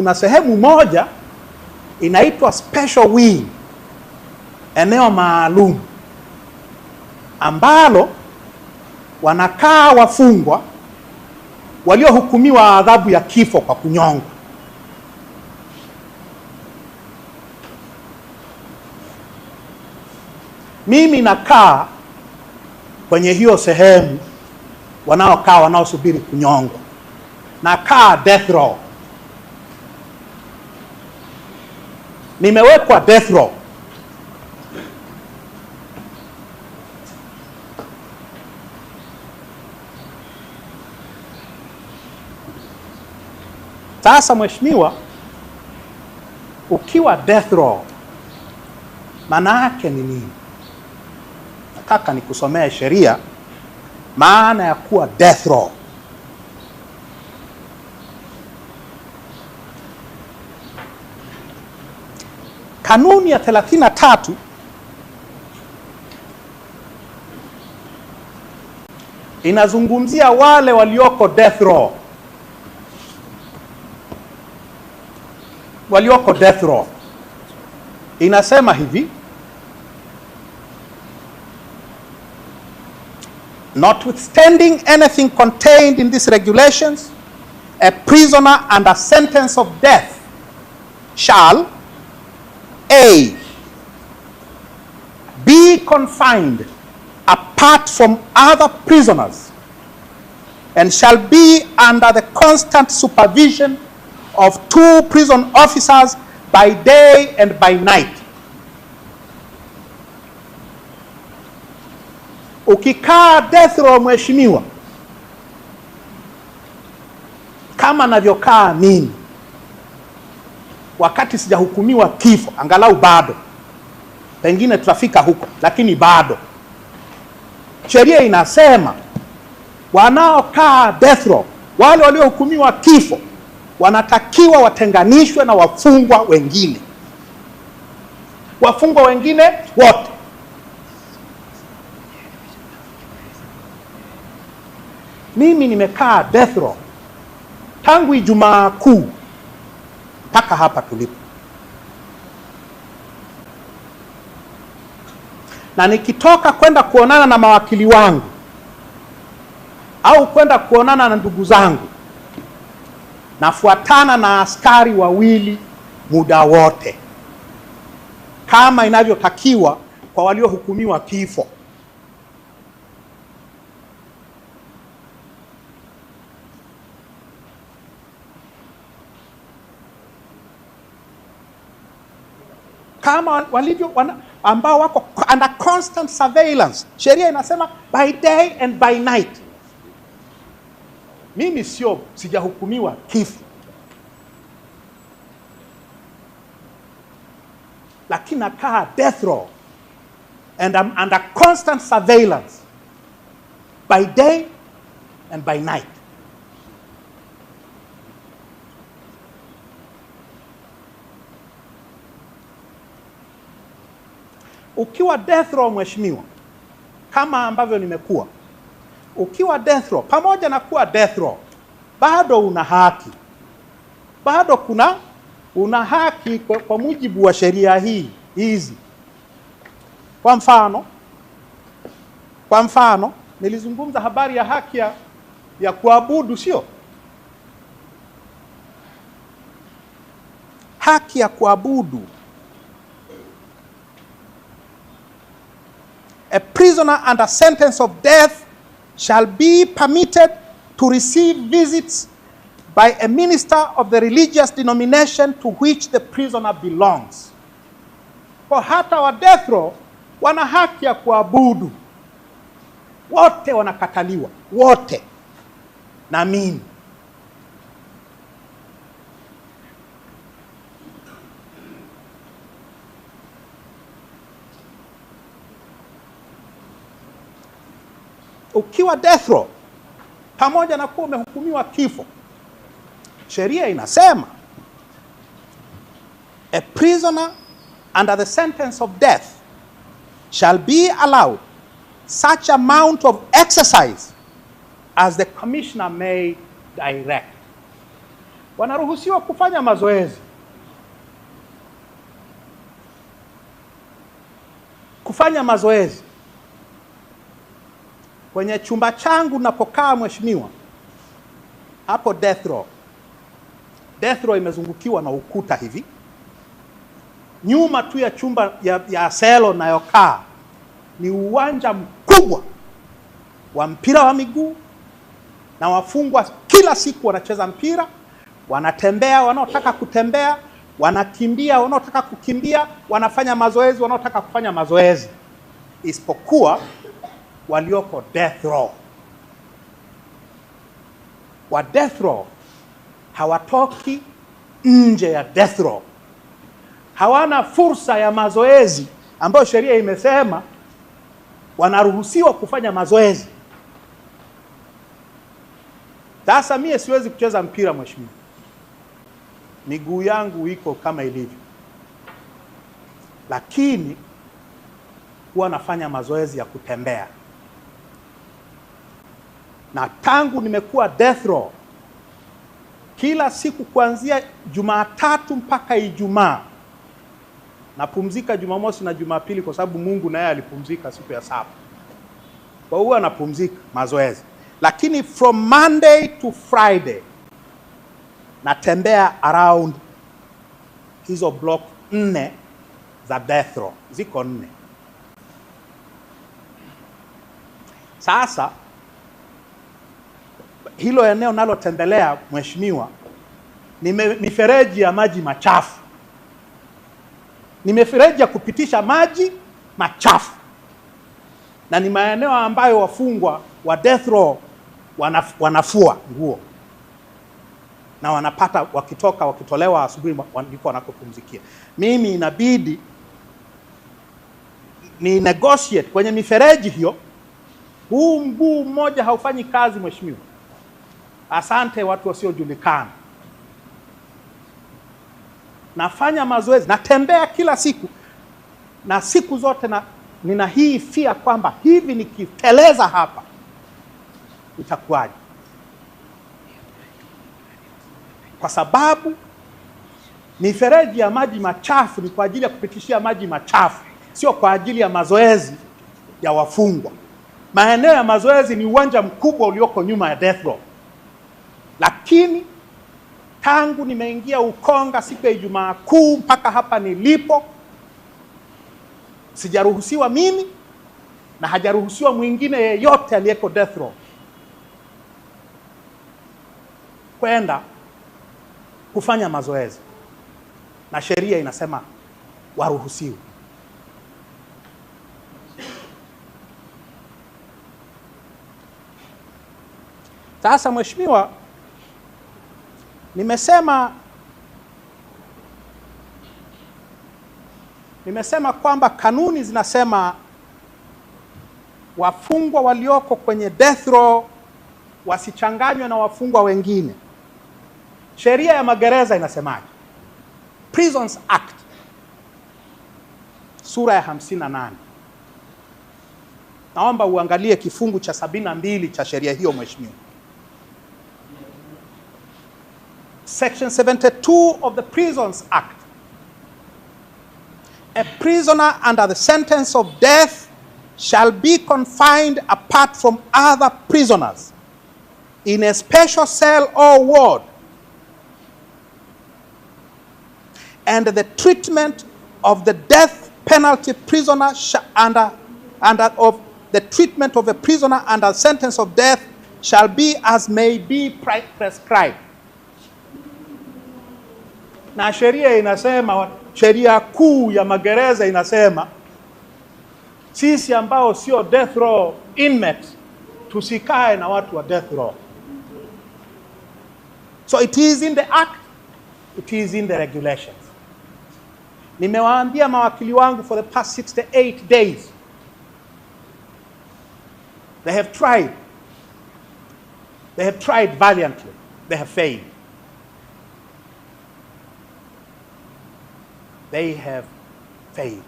kuna sehemu moja inaitwa special wing, eneo maalum ambalo wanakaa wafungwa waliohukumiwa adhabu ya kifo kwa kunyongwa. Mimi nakaa kwenye hiyo sehemu wanaokaa wanaosubiri kunyongwa, nakaa death row. nimewekwa death row. Sasa mheshimiwa, ukiwa death row maana yake ni nini? Nataka nikusomea sheria maana ya kuwa death row. Kanuni ya 33 inazungumzia wale walioko death row, walioko death row. Inasema hivi Notwithstanding anything contained in these regulations, a prisoner under sentence of death shall A. Be confined apart from other prisoners and shall be under the constant supervision of two prison officers by day and by night. Ukikaa death row, mheshimiwa, kama navyokaa mimi wakati sijahukumiwa kifo, angalau bado pengine tutafika huko, lakini bado sheria inasema wanaokaa death row, wale waliohukumiwa kifo wanatakiwa watenganishwe na wafungwa wengine, wafungwa wengine wote. Mimi nimekaa death row tangu Ijumaa Kuu mpaka hapa tulipo. Na nikitoka kwenda kuonana na mawakili wangu au kwenda kuonana na ndugu zangu, nafuatana na askari wawili muda wote, kama inavyotakiwa kwa waliohukumiwa kifo. kama walivyo wana, ambao wako under constant surveillance. Sheria inasema by day and by night. Mimi sio sijahukumiwa kifo, lakini nakaa death row and I'm under constant surveillance by day and by night. Ukiwa death row, mheshimiwa, kama ambavyo nimekuwa, ukiwa death row, pamoja na kuwa death row, bado una haki, bado kuna una haki kwa, kwa mujibu wa sheria hii hizi. Kwa mfano, kwa mfano nilizungumza habari ya haki ya, ya kuabudu, sio haki ya kuabudu a prisoner under sentence of death shall be permitted to receive visits by a minister of the religious denomination to which the prisoner belongs. Kwa hata wa death row wana haki ya kuabudu. Wote wanakataliwa, wote na mimi ukiwa death row pamoja na kuwa umehukumiwa kifo, sheria inasema a prisoner under the sentence of death shall be allowed such amount of exercise as the commissioner may direct. Wanaruhusiwa kufanya mazoezi, kufanya mazoezi kwenye chumba changu napokaa, mheshimiwa, hapo death row. Death row imezungukiwa na ukuta hivi, nyuma tu ya chumba ya, ya selo nayokaa ni uwanja mkubwa wa mpira wa miguu, na wafungwa kila siku wanacheza mpira, wanatembea wanaotaka kutembea, wanakimbia wanaotaka kukimbia, wanafanya mazoezi wanaotaka kufanya mazoezi, isipokuwa walioko death row. Wa death row hawatoki nje ya death row, hawana fursa ya mazoezi ambayo sheria imesema wanaruhusiwa kufanya mazoezi. Sasa mie siwezi kucheza mpira mheshimiwa, miguu yangu iko kama ilivyo, lakini huwa nafanya mazoezi ya kutembea na tangu nimekuwa death row, kila siku kuanzia Jumatatu mpaka Ijumaa napumzika Jumamosi na Jumapili kwa sababu Mungu naye alipumzika siku ya saba, kwa hiyo anapumzika mazoezi. Lakini from Monday to Friday natembea around hizo block nne za death row, ziko nne. Sasa hilo eneo nalotembelea mheshimiwa, ni mifereji ya maji machafu, ni mifereji ya kupitisha maji machafu, na ni maeneo ambayo wafungwa wa death row wanaf, wanafua nguo na wanapata wakitoka, wakitolewa asubuhi ndipo wanakopumzikia. Mimi inabidi ni negotiate kwenye mifereji hiyo. Huu mguu mmoja haufanyi kazi mheshimiwa. Asante watu wasiojulikana. Nafanya mazoezi, natembea kila siku na siku zote na, nina hii fia kwamba hivi nikiteleza hapa itakuwaje? Kwa sababu mifereji ya maji machafu ni kwa ajili ya kupitishia maji machafu, sio kwa ajili ya mazoezi ya wafungwa. Maeneo ya mazoezi ni uwanja mkubwa ulioko nyuma ya death row. Lakini tangu nimeingia Ukonga siku ya Ijumaa Kuu mpaka hapa nilipo, sijaruhusiwa mimi na hajaruhusiwa mwingine yeyote aliyeko death row kwenda kufanya mazoezi, na sheria inasema waruhusiwe. Sasa mheshimiwa Nimesema nimesema kwamba kanuni zinasema wafungwa walioko kwenye death row wasichanganywe na wafungwa wengine. Sheria ya magereza inasemaje? Prisons Act sura ya 58. Naomba uangalie kifungu cha 72 cha sheria hiyo, mheshimiwa. Section 72 of the Prisons Act. A prisoner under the sentence of death shall be confined apart from other prisoners in a special cell or ward, and the treatment of the death penalty prisoner under, under of the treatment of a prisoner under sentence of death shall be as may be prescribed. na sheria inasema, sheria kuu ya magereza inasema sisi ambao sio death row inmates tusikae na watu wa death row. So it is in the act, it is in the regulations. Nimewaambia mawakili wangu for the past 68 days they have tried, they have tried valiantly, they have failed. they have faith.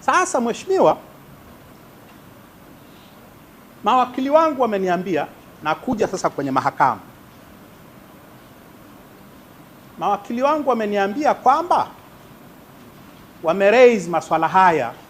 Sasa mheshimiwa, mawakili wangu wameniambia nakuja sasa kwenye mahakama. Mawakili wangu wameniambia kwamba wameraise maswala haya